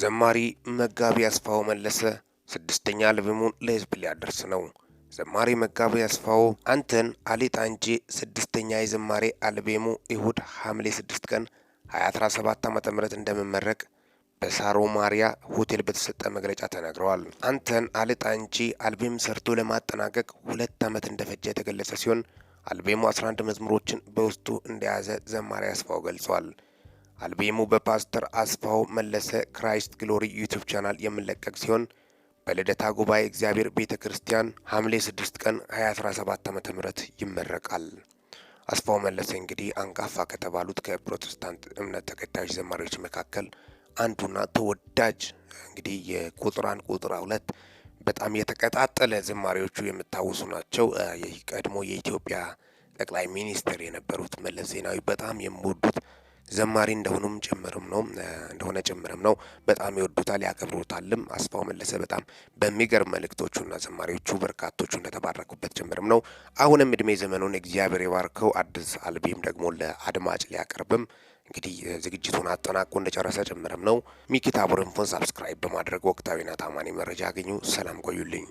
ዘማሪ መጋቢ አስፋው መለሰ ስድስተኛ አልበሙን ለህዝብ ሊያደርስ ነው። ዘማሪ መጋቢ አስፋው አንተን አሊጣ እንጂ ስድስተኛ የዘማሪ አልቤሙ እሁድ ሐምሌ 6 ቀን 2017 ዓ ም እንደምመረቅ በሳሮ ማሪያ ሆቴል በተሰጠ መግለጫ ተናግረዋል። አንተን አሊጣ እንጂ አልቤም ሰርቶ ለማጠናቀቅ ሁለት ዓመት እንደፈጀ የተገለጸ ሲሆን አልቤሙ 11 መዝሙሮችን በውስጡ እንደያዘ ዘማሪ አስፋው ገልጿል። አልበሙ በፓስተር አስፋው መለሰ ክራይስት ግሎሪ ዩቲዩብ ቻናል የሚለቀቅ ሲሆን በልደታ ጉባኤ እግዚአብሔር ቤተ ክርስቲያን ሐምሌ 6 ቀን 2017 ዓ ም ይመረቃል። አስፋው መለሰ እንግዲህ አንጋፋ ከተባሉት ከፕሮቴስታንት እምነት ተከታዮች ዘማሪዎች መካከል አንዱና ተወዳጅ እንግዲህ የቁጥራን ቁጥር ሁለት በጣም የተቀጣጠለ ዘማሪዎቹ የምታወሱ ናቸው። ቀድሞ የኢትዮጵያ ጠቅላይ ሚኒስትር የነበሩት መለስ ዜናዊ በጣም የምወዱት ዘማሪ እንደሆኑም ጭምርም ነው እንደሆነ ጭምርም ነው። በጣም ይወዱታል ያከብሩታልም። አስፋው መለሰ በጣም በሚገርም መልእክቶቹና ዘማሪዎቹ በርካቶቹ እንደተባረኩበት ጭምርም ነው። አሁንም እድሜ ዘመኑን እግዚአብሔር የባርከው አዲስ አልቤም ደግሞ ለአድማጭ ሊያቀርብም እንግዲህ ዝግጅቱን አጠናቆ እንደጨረሰ ጭምርም ነው። ሚኪ ሳብስክራይብ በማድረግ ወቅታዊና ታማኒ መረጃ ያገኙ። ሰላም ቆዩልኝ።